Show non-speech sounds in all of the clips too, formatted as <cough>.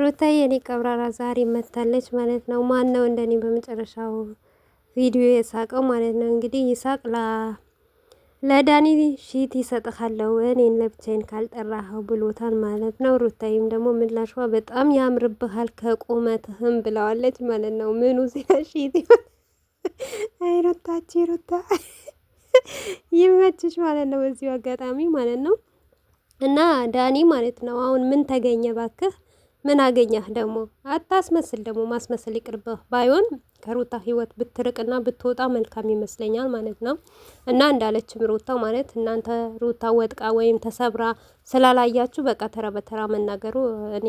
ሩታ የኔ ቀብራራ ዛሬ መታለች ማለት ነው። ማን ነው እንደኔ በመጨረሻው ቪዲዮ የሳቀው ማለት ነው። እንግዲህ ይሳቅ ለዳኒ ሺት ይሰጥሃለሁ እኔን ለብቻዬን ካልጠራኸው ብሎታል ማለት ነው። ሩታዬም ደግሞ ምላሿ በጣም ያምርብሃል ከቁመትህም ብለዋለች ማለት ነው። ምኑ ሲላ ሺት አይ ሩታች ሩታ <laughs> ይመችሽ ማለት ነው። በዚሁ አጋጣሚ ማለት ነው እና ዳኒ ማለት ነው አሁን ምን ተገኘ ባክህ ምን አገኘህ ደግሞ? አታስመስል ደግሞ ማስመሰል ይቅርብህ። ባይሆን ከሩታ ህይወት ብትርቅና ብትወጣ መልካም ይመስለኛል ማለት ነው። እና እንዳለችም ሩታ ማለት እናንተ ሩታ ወጥቃ ወይም ተሰብራ ስላላያችሁ በቃ ተራ በተራ መናገሩ እኔ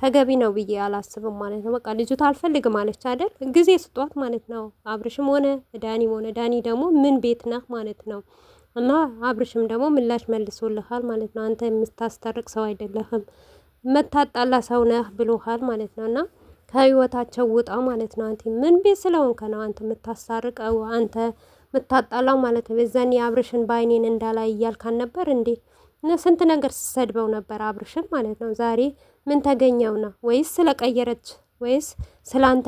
ተገቢ ነው ብዬ አላስብም ማለት ነው። በቃ ልጅቷ አልፈልግም አለች አይደል? ጊዜ ስጧት ማለት ነው። አብርሽም ሆነ ዳኒም ሆነ ዳኒ ደግሞ ምን ቤት ነህ ማለት ነው። እና አብርሽም ደግሞ ምላሽ መልሶልሃል ማለት ነው። አንተ የምታስተርቅ ሰው አይደለህም። መታጣላ ሰው ነህ ብሎሃል ማለት ነው። እና ከህይወታቸው ውጣ ማለት ነው። አንቲ ምን ቤት ስለሆንከ ነው አንተ የምታሳርቀው አንተ የምታጣላው ማለት ነው። የዛን የአብርሽን በአይኔን እንዳላይ እያልካን ነበር እንዴ? ስንት ነገር ስሰድበው ነበር አብርሽን ማለት ነው። ዛሬ ምን ተገኘውና? ወይስ ስለቀየረች ወይስ ስለ አንተ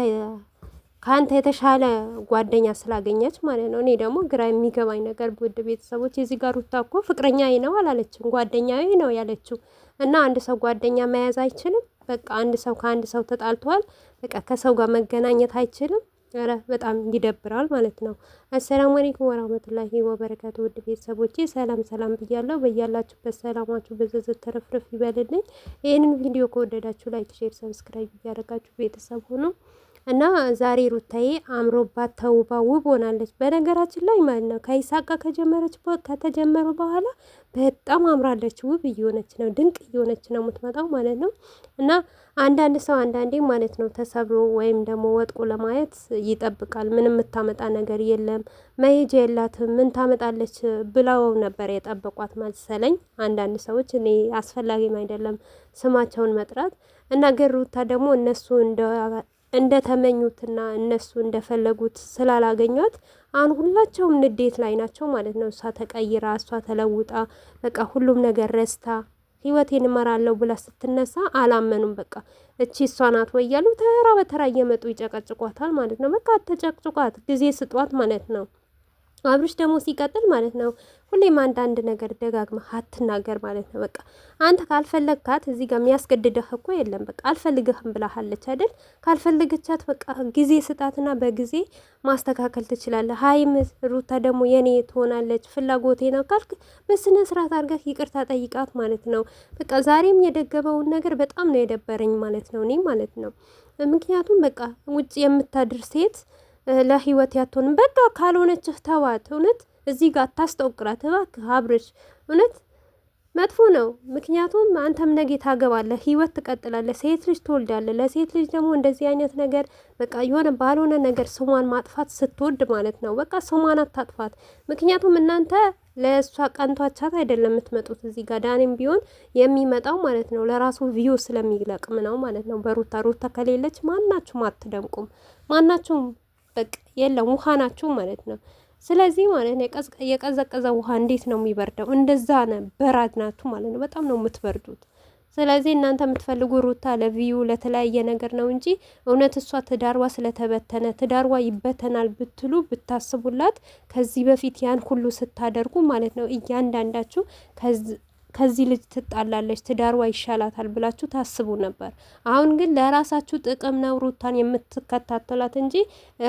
ከአንተ የተሻለ ጓደኛ ስላገኘች ማለት ነው። እኔ ደግሞ ግራ የሚገባኝ ነገር ውድ ቤተሰቦች የዚህ ጋር ሩታ እኮ ፍቅረኛዬ ነው አላለችም፣ ጓደኛዬ ነው ያለችው። እና አንድ ሰው ጓደኛ መያዝ አይችልም። በቃ አንድ ሰው ከአንድ ሰው ተጣልተዋል፣ በቃ ከሰው ጋር መገናኘት አይችልም። ኧረ በጣም ይደብራል ማለት ነው። አሰላሙ አለይኩም ወራህመቱላሂ ወበረካቱ። ውድ ቤተሰቦች ሰላም ሰላም ብያለሁ። በያላችሁበት ሰላማችሁ በዝዝት ተረፍረፍ ይበልልኝ። ይህንን ቪዲዮ ከወደዳችሁ ላይክ፣ ሼር፣ ሰብስክራይብ እያደረጋችሁ ቤተሰብ ሆኖ እና ዛሬ ሩታዬ አምሮባት ተውባ ውብ ሆናለች። በነገራችን ላይ ማለት ነው ከይሳቃ ከጀመረች ከተጀመረ በኋላ በጣም አምራለች። ውብ እየሆነች ነው፣ ድንቅ እየሆነች ነው የምትመጣው ማለት ነው። እና አንዳንድ ሰው አንዳንዴ ማለት ነው ተሰብሮ ወይም ደግሞ ወጥቆ ለማየት ይጠብቃል። ምንም የምታመጣ ነገር የለም፣ መሄጃ የላትም፣ ምን ታመጣለች ብለው ነበር የጠበቋት መሰለኝ አንዳንድ ሰዎች። እኔ አስፈላጊም አይደለም ስማቸውን መጥራት እና ግን ሩታ ደግሞ እነሱ እንደ እንደተመኙትና እነሱ እንደፈለጉት ስላላገኟት አሁን ሁላቸውም ንዴት ላይ ናቸው ማለት ነው። እሷ ተቀይራ፣ እሷ ተለውጣ፣ በቃ ሁሉም ነገር ረስታ ህይወቴን እመራለሁ ብላ ስትነሳ አላመኑም። በቃ እቺ እሷ ናት ወይ እያሉ ተራ በተራ እየመጡ ይጨቀጭቋታል ማለት ነው። በቃ ተጨቅጭቋት ጊዜ ስጧት ማለት ነው። አብርሽ ደግሞ ሲቀጥል ማለት ነው ሁሌም አንዳንድ ነገር ደጋግመህ አትናገር ማለት ነው። በቃ አንተ ካልፈለግካት እዚህ ጋር የሚያስገድደህ እኮ የለም። በቃ አልፈልግህም ብላሃለች አይደል? ካልፈልግቻት በቃ ጊዜ ስጣትና በጊዜ ማስተካከል ትችላለህ። ሀይም ሩታ ደግሞ የኔ ትሆናለች ፍላጎቴ ነው ካልክ በስነ ስርዓት አድርገህ ይቅርታ ጠይቃት ማለት ነው። በቃ ዛሬም የደገበውን ነገር በጣም ነው የደበረኝ ማለት ነው እኔ ማለት ነው። ምክንያቱም በቃ ውጭ የምታድር ሴት ለህይወት ያትሆንም። በቃ ካልሆነች ተዋት። እውነት እዚህ ጋር ታስጠቁራት እባክህ አብርሽ። እውነት መጥፎ ነው። ምክንያቱም አንተም ነገ ታገባለህ፣ ህይወት ትቀጥላለህ፣ ሴት ልጅ ትወልዳለህ። ለሴት ልጅ ደግሞ እንደዚህ አይነት ነገር በቃ የሆነ ባልሆነ ነገር ስሟን ማጥፋት ስትወድ ማለት ነው። በቃ ስሟን አታጥፋት። ምክንያቱም እናንተ ለእሷ ቀንቷቻት አይደለም የምትመጡት። እዚህ ጋር ዳኔም ቢሆን የሚመጣው ማለት ነው ለራሱ ቪዮ ስለሚለቅም ነው ማለት ነው። በሩታ ሩታ ከሌለች ማናችሁም አትደምቁም፣ ማናችሁም በቃ የለም ውሃ ናችሁ ማለት ነው። ስለዚህ ማለት ነው የቀዘቀዘ ውሃ እንዴት ነው የሚበርደው? እንደዛ ነ በራድ ናችሁ ማለት ነው። በጣም ነው የምትበርዱት። ስለዚህ እናንተ የምትፈልጉ ሩታ ለቪዩ ለተለያየ ነገር ነው እንጂ እውነት እሷ ትዳርዋ ስለተበተነ ትዳርዋ ይበተናል ብትሉ ብታስቡላት ከዚህ በፊት ያን ሁሉ ስታደርጉ ማለት ነው እያንዳንዳችሁ ከዚህ ልጅ ትጣላለች፣ ትዳርዋ ይሻላታል ብላችሁ ታስቡ ነበር። አሁን ግን ለራሳችሁ ጥቅም ነው ሩታን የምትከታተላት እንጂ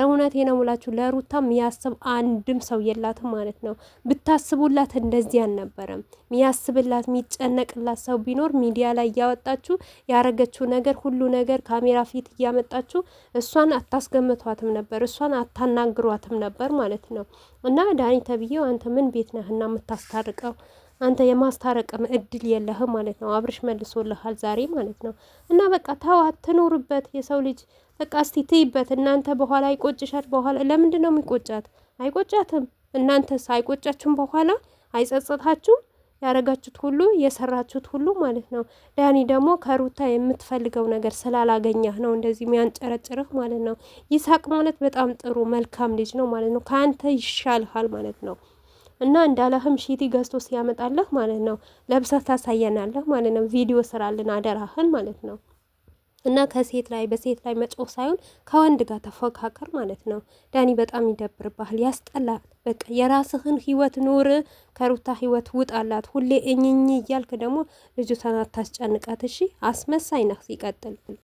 እውነቴ ነው ብላችሁ ለሩታ የሚያስብ አንድም ሰው የላትም ማለት ነው። ብታስቡላት እንደዚህ አልነበረም። የሚያስብላት የሚጨነቅላት ሰው ቢኖር ሚዲያ ላይ እያወጣችሁ ያረገችው ነገር ሁሉ ነገር ካሜራ ፊት እያመጣችሁ እሷን አታስገምቷትም ነበር፣ እሷን አታናግሯትም ነበር ማለት ነው። እና ዳኒ ተብዬው አንተ ምን ቤት ነህና የምታስታርቀው? አንተ የማስታረቅም እድል የለህም ማለት ነው። አብርሽ መልሶልሃል ዛሬ ማለት ነው። እና በቃ ተዋት፣ ትኖርበት የሰው ልጅ በቃ እስቲ ትይበት እናንተ። በኋላ አይቆጭሻት በኋላ ለምንድን ነው የሚቆጫት? አይቆጫትም። እናንተስ አይቆጫችሁም? በኋላ አይጸጸታችሁም? ያረጋችሁት ሁሉ የሰራችሁት ሁሉ ማለት ነው። ዳኒ ደግሞ ከሩታ የምትፈልገው ነገር ስላላገኘህ ነው እንደዚህ የሚያንጨረጭርህ ማለት ነው። ይሳቅ ማለት በጣም ጥሩ መልካም ልጅ ነው ማለት ነው። ከአንተ ይሻልሃል ማለት ነው። እና እንዳለህም ሺቲ ገዝቶ ሲያመጣለህ ማለት ነው ለብሰህ ታሳየናለህ ማለት ነው። ቪዲዮ ስራልን አደራህን ማለት ነው። እና ከሴት ላይ በሴት ላይ መጮህ ሳይሆን ከወንድ ጋር ተፎካከር ማለት ነው። ዳኒ በጣም ይደብርብሃል፣ ያስጠላል። በቃ የራስህን ህይወት ኑር፣ ከሩታ ህይወት ውጣላት። ሁሌ እኝኝ እያልክ ደግሞ ልጅቷን አታስጨንቃት። እሺ አስመሳይ ነህ ሲቀጥል